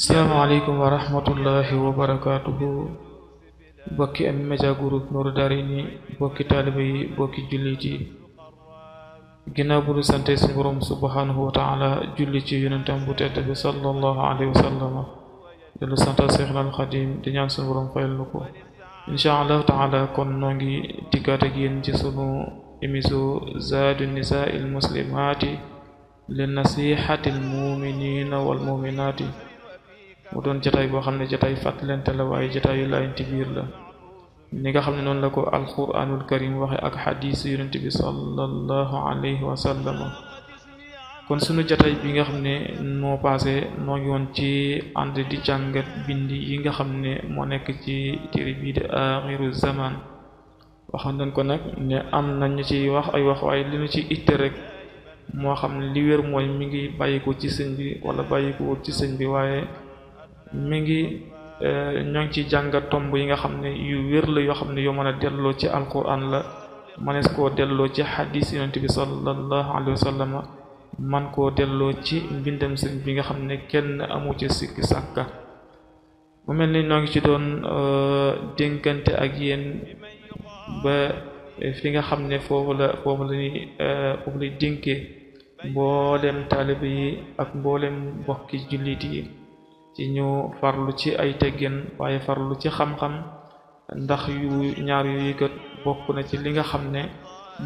salaamaaleykum wa rahmatullahi wa barakaatuhu bokki am média groupe Darini bokki taalibe bokki jullit yi ginnaaw sante suñu borom wa taala julli ci yonentam bu sallallahu alayhi wa sallam di lu sant Seexna al Xadim di ñaan allah taala kon noo ngi dikkaat ak yéen ci sunu nisaa il muslimaati nasihati al muminina wal mu doon jataay boo xam ne jataay fàttalante la waaye jataayu laayante biir la ni nga xam ne noonu la ko alquranul karim waxe ak xadiis yonent bi sallallahu alayhi wa sallam kon sunu jataay bi nga xam ne moo paase noo ngi woon ci ànd di jàngat bind yi nga xam ne moo nekk ci téere bii di axiru zaman waxoon nañ ko nag ne am nañ ñu ciy wax ay wax waaye li ñu ci itte rek moo xam li wér mooy mi ngi bàyyi ko ci sëñ bi wala bàyyi ko ci sëñ bi waaye mi ngi eh, ñoo ngi ci jàngat tomb yi nga xam ne yu wér la yoo xam ne yoo mën a delloo ci alquran la mënees koo delloo ci xadis yonent bi sallallahu alayhi wa sallam man koo delloo ci mbindam sëriñ bi nga xam ne kenn amu ci sikki sàkka mu mel ni ñoo ngi ci doon eh, dénkante ak yéen ba fi nga xam ne foofu la foofu la ñuy eh, foofu lay dénkee mboolem taalibe yi ak mboolem mbokki jullit yi ci ñu farlu ci ay teggin waaye farlu ci xam-xam ndax yu ñaar yuy kat bokk na ci li nga xam ne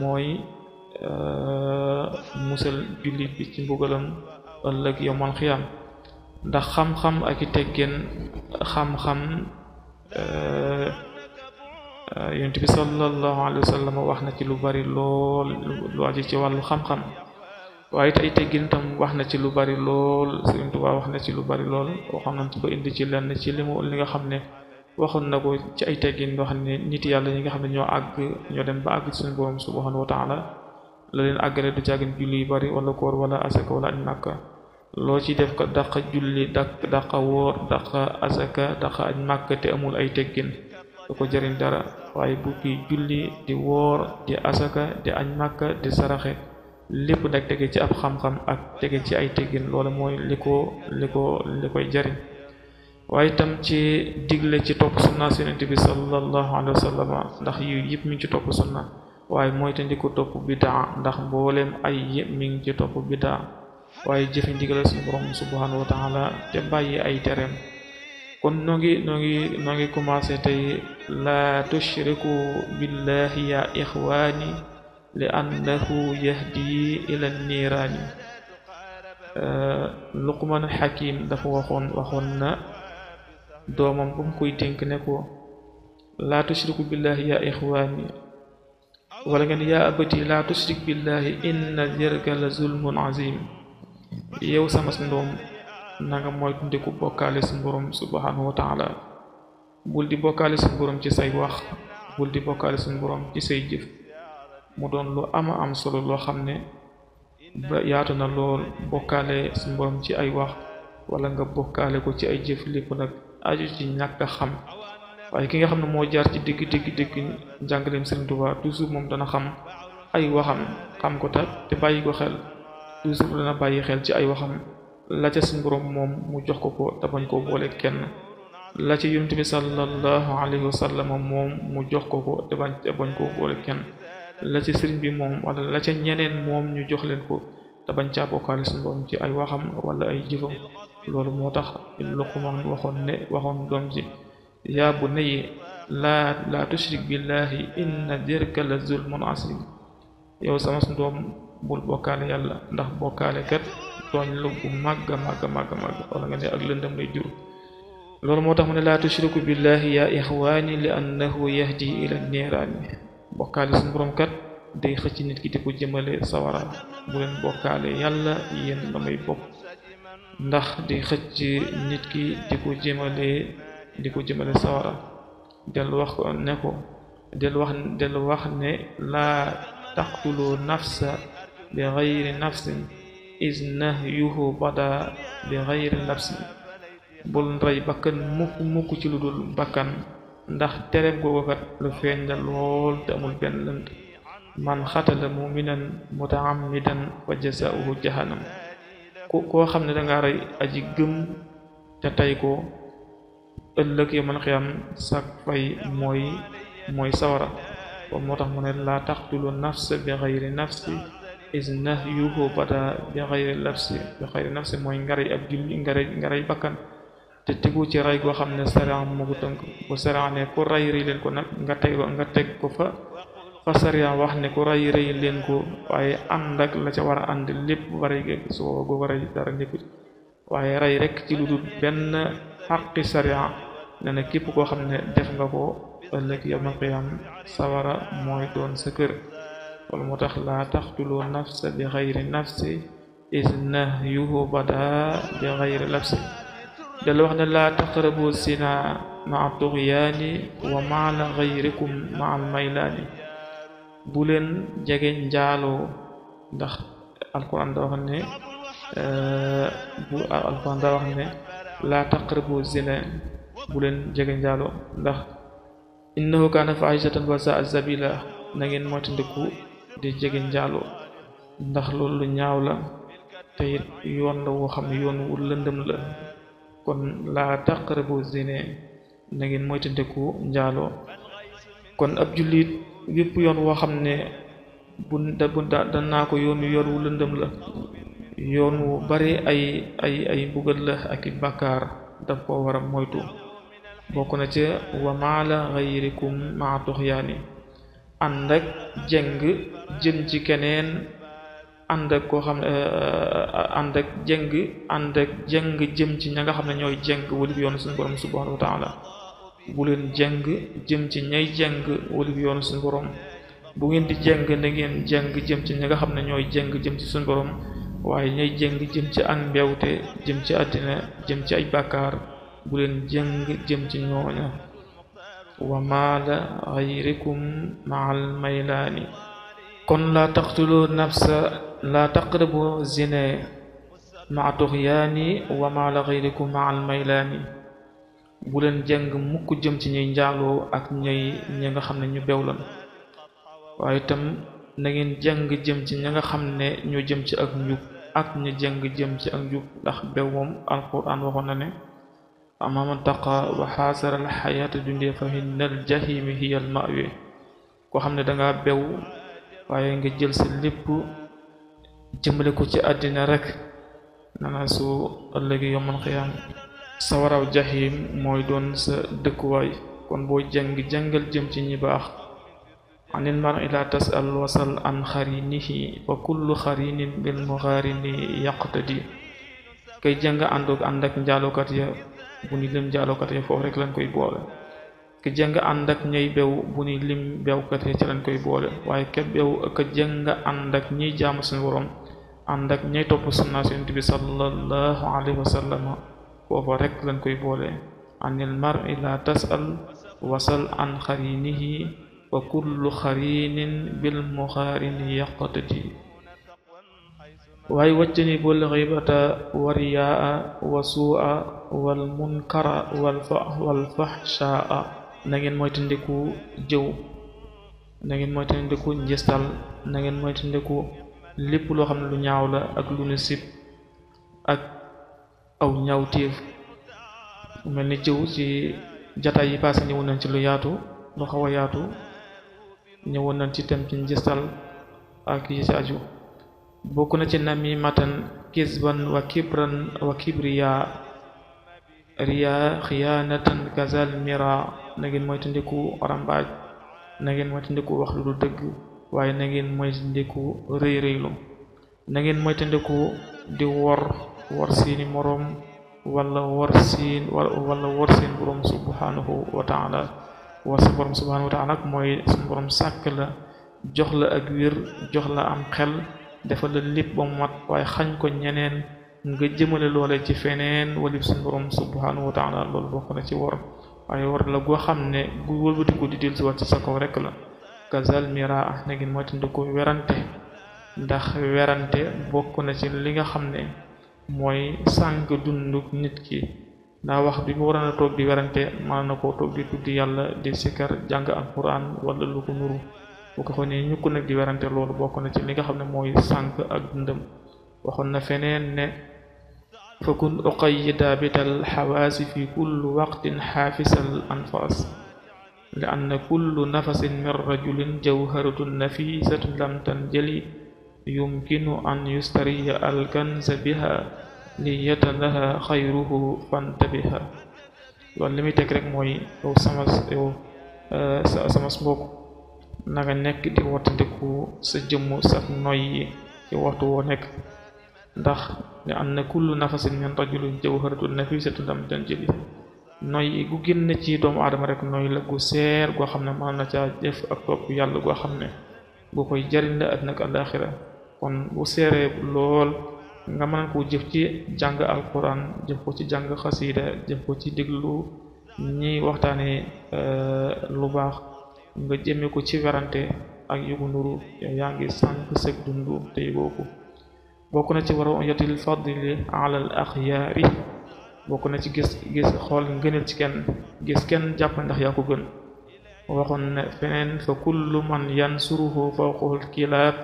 mooy euh, musal jullit bi ci mbugalam ëllëg yowmal xiyam ndax xam-xam ak i teggin xam-xam euh, yonent bi sallallahu alayhi wax na ci lu bari lool lu aju ci wàllu xam-xam waaye it ay teggin tam wax na ci lu bari lool Sëriñ Tuubaa wax na ci lu bari lool waxoon nañ ko indi ci lenn ci li mu li nga xam ne waxoon na ko ci ay teggin yoo xam ne nit yàlla ñi nga xam ne ñoo àgg ñoo dem ba àgg ci suñu borom subhanahu wa ta'ala la leen du jàggin julli yu bari wala koor wala asaka wala añ màkka loo ci def ko dàq julli dàq dàq woor dàq asaka dàq añ màkka te amul ay teggin du ko jëriñ dara waaye bu kii julli di woor di asaka di añ màkka di saraxe lépp nag tege ci ab xam-xam ak tege ci ay teggin loolu mooy liko ko li ko li koy jariñ waaye itam ci digle ci topp sunna Yonent bi sallallahu alayhi wa ndax yu yëpp mi ngi ci topp sunna waaye mooy te ndi ko topp bidaa ndax mbooleem ay yëpp mi ngi ci topp bidaa waaye jëfe ndigale suñu borom subhanahu wa taala te bàyyi ay tereem kon noo ngi noo ngi noo ngi commencé tey la tushriku billahi ya ixwaani li'annahu yahdi ila niiraani luqman xakim dafa waxoon waxoon na doomam bu mu koy dénk ne ko laa tushriku billahi ya ixwaani wala ngeen yaa abati laa tushrik billahi inna shirka la zulmun azim yow sama ndoom nanga mooy tundiku bokkaale si borom subhanahu bul di bokkaale si ci say wax bul di bokkaale si borom ci say jëf mu doon lu ama am solo loo xam ne ba yaatu na lool bokkaale suñu ci ay wax wala nga bokkaale ko ci ay jëf lépp nag aju ci ñàkk a xam waaye ki nga xam ne moo jaar ci dégg dégg dégg njàngaleem Sëriñ Tuubaa toujours moom dana xam ay waxam xam ko ta te bàyyi ko xel toujours dana bàyyi xel ci ay waxam la ca suñu moom mu jox ko ko te bañ koo boole kenn la ca yonent bi sallallahu alayhi wa sallam moom mu jox ko ko te bañ te bañ koo boole kenn la ca sëriñ bi moom wala la ca ñeneen moom ñu jox leen ko te bañ caa bokkaale suñu borom ci ay waxam wala ay jëfam loolu moo tax Luqmaan waxoon ne waxoon doom ji yaa bunayya laa laa tushrik billahi inna dirka la zulmun asim yow sama suñu doom bul bokkaale yàlla ndax bokkaale kat tooñ lu bu màgg màgg màgga màgg wala nga ne ak lëndëm lay jur loolu moo tax mu ne laa tushriku billahi yaa ixwaani li annahu yahdi ila niiraani bokkaale suñu borom kat xëcc nit ki di ko jëmale sawara bu leen yàlla yéen damay bokk ndax day xëcc nit ki di ko jëmale ko jëmale sawara del wax ko ne del wax del wax ne laa taqtulu nafsa bi xayri nafsin is nahyuhu bada bi xayri nafsin bul rey bakkan mukk mukk ci lu dul bakkan ndax tereem googu kat lu feeñ la lool te amul benn lënd man xatala muminan mutaammidan wa jasaauhu jahannam ku koo xam ne danga rey aji gëm te tey ko ëllëg yawmal qiyaam sa fay mooy sawara kon moo tax mu ne laa taqtulu nafsa bi xayri nafsi is nahyuhu bada bi xayri nafsi bi xayri nafsi mooy ngaray ab julli ngaray ngaray bakkan te tegu ci rey goo xam ne sariya moo ko tënk bu sariya ne leen ko nag nga teg nga teg ko fa fa sariya wax ne ko rey rey leen ko waaye ànd ak la ca war a ànd lépp waree rey dara nekku waaye rey rek ci lu ben benn xaqi sariya ne na képp koo xam ne def nga ko ëllëg yawmal qiyaam sawara mooy doon sa kër wala moo tax laa taqtulu nafsa bi xayri nafsi is nahyuhu bada bi xayri nafsi dala wax ne eh, laa taqrabu zina maa tughyaani wa maala ghayrikum maal maylaani bu jege njaaloo ndax alquran da wax ne bu alquran da wax ndax innahu kaana faahishatan wa saa sabila na ngeen moytandiku di jege njaaloo ndax loolu lu ñaaw la te yoon la woo xam ne yoon wu la kon laa taqrabu zina na ngeen moytandiku njaaloo kon ab jullit yépp yoon woo xam ne bu da bu danaa ko yoon wi yoon wu lëndëm la yoon wu bari ay ay ay mbugal la ak i bàkkaar daf koo war a moytu bokk na ca wa maala xayrikum maa tuxyaani ànd jeng jëm ci keneen ànd ak koo xam ne euh, ànd jëng ànd jëng jëm ci ña nga xam ne ñooy jëng wali bi yoonu suñu borom subhanahu wa bu leen jëng jëm ci ñay jëng wali bi yoonu borom bu ngeen di jëng na ngeen jëng jëm ci ña nga xam ne ñooy jëng jëm ci suñu borom waaye ñay jëng jëm ci an mbewte jëm ci àddina jëm ci ay bàkkaar bu leen jëng jëm ci ñooña wa maala xayrikum maal maylaani kon la taqtulu nafsa laa taqrabu zina maa tuxyaani wa maa la xayrikum maa al maylaani bu leen jàng mukk jëm ci ñuy njaaloo ak ñay ñi nga xam ne ñu bew lan ngeen jàng jëm ci ñi nga xam ne ñoo jëm ci ak njub ak ñu jàng jëm ci ak njub ndax bew moom alquran waxoon na ne amma man taqa wa xaasara fa inna al jahimi hiya al ma'wa koo xam ne dangaa bew waaye nga jël sa lépp jëmbale ko ci àddina rek nana su ëllëgi yomal xiyaam sawaraw jaxiim mooy doon sa dëkkuwaay kon boo jàng jàngal jëm ci ñi baax anil mar'i la tas'al wasal an xarinihi wa kullu xarinin bil muxaarini yaqtadi kay jàng àndoog ànd ak njaalokat ni lim njaalokat ya foofu rek koy boole ka jàng ànd ak ñay bew bu ni lim bewkat ya ci lañ koy boole waaye ka bew ka jàng ànd ak ñiy jaamu suñu borom ànd ak ñay topp sunna Yonent bi sallallahu alayhi foofa rekk lañ koy boole anil mar'i la tas'al wasal an xarinihi wa kullu xarinin bil muxaarini yaqtadi waaye wàccani bul xibata wa riyaa wa suu'a wal munkara wal fahshaa na ngeen moytandiku jëw na ngeen moytandiku njistal na ngeen moytandiku lépp loo xam ne lu ñaaw la ak lu nu sib ak aw ñaawteef mel ni jëw ci jataay yi passé ñëwoon nañ ci lu yaatu lu xaw a yaatu ñëwoon nañ ci tem ci njëstal ak yi ci na ci namimatan kisban wa kibran wa kibriya riya xiyaanatan gazal mira na ngeen moytandiku rambaaj na ngeen moytandiku wax lu dul dëgg waaye na ngeen moytandiku rëy rëylu na ngeen moytandiku di wor wor seeni moroom wala wor seen wala wor seen borom subhanahu wa taala war sa borom subhanahu wa taala nag mooy sa borom sàkk la jox la ak wér jox la am xel defal la lépp ba mu mat waaye xañ ko ñeneen nga jëmale loole ci feneen walib suñ borom subhanahu wa taala loolu bokk na ci wor waaye war la goo xam ne gu wëlbatiku di dellusiwaat ci sa kaw rek la kazal miraa na ngeen moytandiku werante ndax werante bokk na ci li nga xam ne mooy sànq dunduk nit ki ndax wax bi mu waroon toog di werante mën na koo toog di tuddi yàlla di sikkar jàng alquran wala lu ko nuru bokk na ci li nga xam ne mooy sànq ak dundam waxoon na feneen ne fakun uqayida bital xawaasi fi kulli waqtin xaafisal anfas li anna kullu nafasin min rajulin jawharatun nafisatun lam tanjali yumkinu an yustariya alkanza biha li yatalaha xayruhu fantabiha loolu li muy teg rek mooy yow sama yow euh, sa sama mbokk nekk di wattandiku sa jëmm sa noy yi waxtu woo nekk ndax li na kullu nafasin min rajulin jawharatun nafisatun lam tanjali noyyi gu génn ci doomu aadama rek noyyi la gu seer goo xam ne mën na caa jëf ak topp yàlla goo xam ne bu koy jariñ la àddina ak àllaaxira kon bu seeree lool nga mën koo jëf ci jàng alquran jëf ko ci jàng jëf ko ci déglu ñiy waxtaanee euh, lu baax nga jëmee ko ci werante ak yugu nuru yow yaa ngi sànq sëg dundu te yëgoo ko na ci war a yatil fadli ala al bokk na ci gis gis xool ngëneel ci kenn gis kenn jàpp ndax yaa gën waxoon ne feneen fa kullu man yansuruhu fawqahul kilaab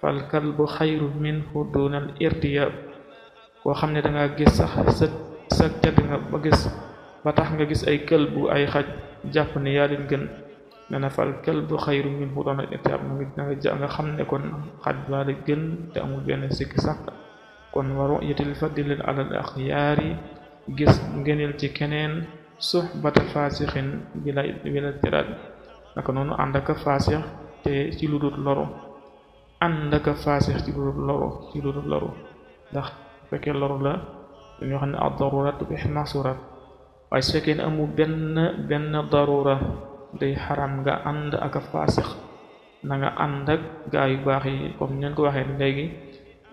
fal kalbu xayru minhu dunal irtiyaab koo xam ne danga gis sax sa sa ba gis ba tax nga gis ay këlbu ay xaj jàpp ne yaa leen gën nena fal kalbu xayru minhu dunal irtiyaab nga xam ne kon xaj baa gën te amul benn sikki sàkk kon wa ru'yatil fadli alal axyaari gis ngëneel ci keneen suxbata faasixin bila bila tiraat naka noonu ànd ak faasix te ci lu dul loru ànd ak faasix ci lu dul loru ndax bu fekkee loru la dañoo xam ne ak darura tubix masurat waaye su fekkee ne amul benn benn darura day xaram nga ànd ak faasix na nga ànd ak gaa yu baax yi comme ñu ko waxee léegi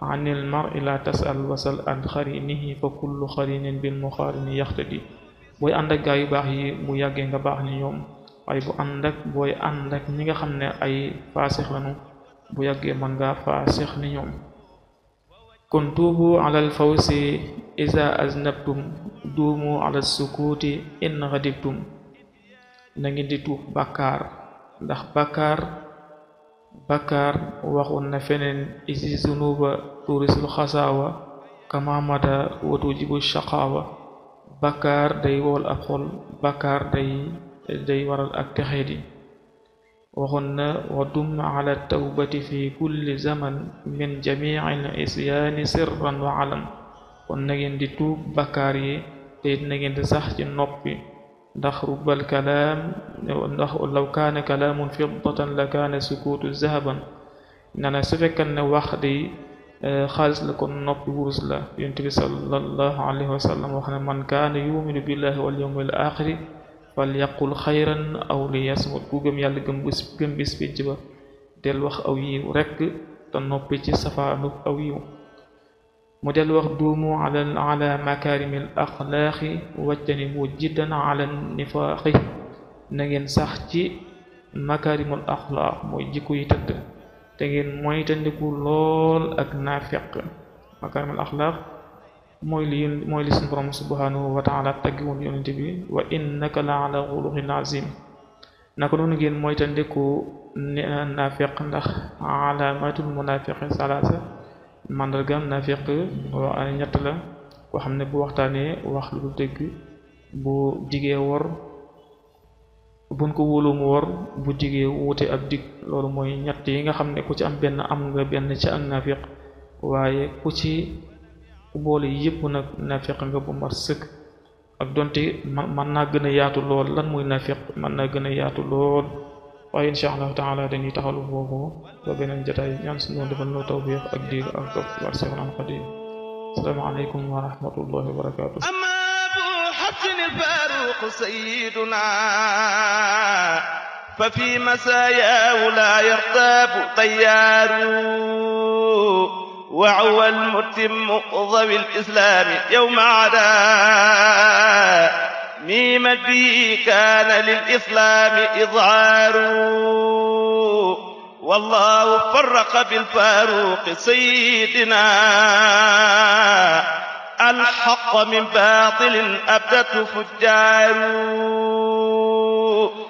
an ilmari la tasal wasal an xarinihi fa kullu xarinin bil muxaarini yaxtadi booy ànd ak gaa yu baax yi bu yàggee nga baax ni ñoom ay bu ànd ak booy ànd ak ñi nga xam ne ay faasix lañu bu yàggee mën nga faasix ni ñoom kon tuubu ala alfawsi iza aznabtum duumu ala sukuuti in xadibtum na ngeen ndax bàkkaar bakkaar waxoon na feneen isi zunuba turisul xasaawa kamamata watu jibu shaqaawa bakkaar day waral ak texeedi waxoon na wa dum ala tawbati fi kulli zaman min jamiil isyaani sirran wa alam kon na di tuub bakkaar yi te it na ngeen di sax ci noppi ndax rubbal kalaam ndax law kaana kalaamun fiddatan la kaana sukuutu zahaban na na su fekkan ne wax di eh, xaalis la kon noppi wurus la yonent bi sallallahu alayhi wa sallam wax ne man kaana yuminu billahi wal yawmil axiri fal yaqul xayran aw li yasmut ku gëm yàlla gëm bis gëm bis pénc ba del wax aw yiw rekk te noppi ci safaanu aw yiw mu del wax duumu ala ala makarimi al axlaaqi ala nifaaqi na ngeen sax ci makarimul axlaaq mooy jikko yi tëdd te ngeen moytandiku lool ak naafeq mooy li mooy li suñu borom subhanahu wa taala bi wa innaka la ala xuluqin azim naka noonu ngeen moytandiku naafeq ndax alaamatul munaafiqi salaasa màndargaam naafiq ñett la koo xam ne bu waxtaanee wax lu dëgg bu digee wor buñ ko wóolu mu wor bu digee wuute ab dig loolu mooy ñett yi nga xam ne ku ci am benn am nga benn ci ak naafiq waaye ku ci boole yépp nag naafiq nga bu mat sëkk ak donte man naa gën a yaatu lool lan mooy naafiq man naa gën a yaatu lool waaye incha allahu taala dañuy taxalu foofu ba beneen jotaay ñaan suñu defal ñu tawfiq ak diir ak topp war Seexul Xadiim asalaamaaleykum wa rahmatullahi wa barakaatu amma bu xasin alfaruq sayyiduna fa fi masayaahu la yartaabu tayyaaru وهو المتم ذوي الإسلام يوم عدا miima bi kaana lil islaami izhaaru wallaahu farraqa bil faaruqi sayyidina alxaqa min baatilin abdatu fujjaaru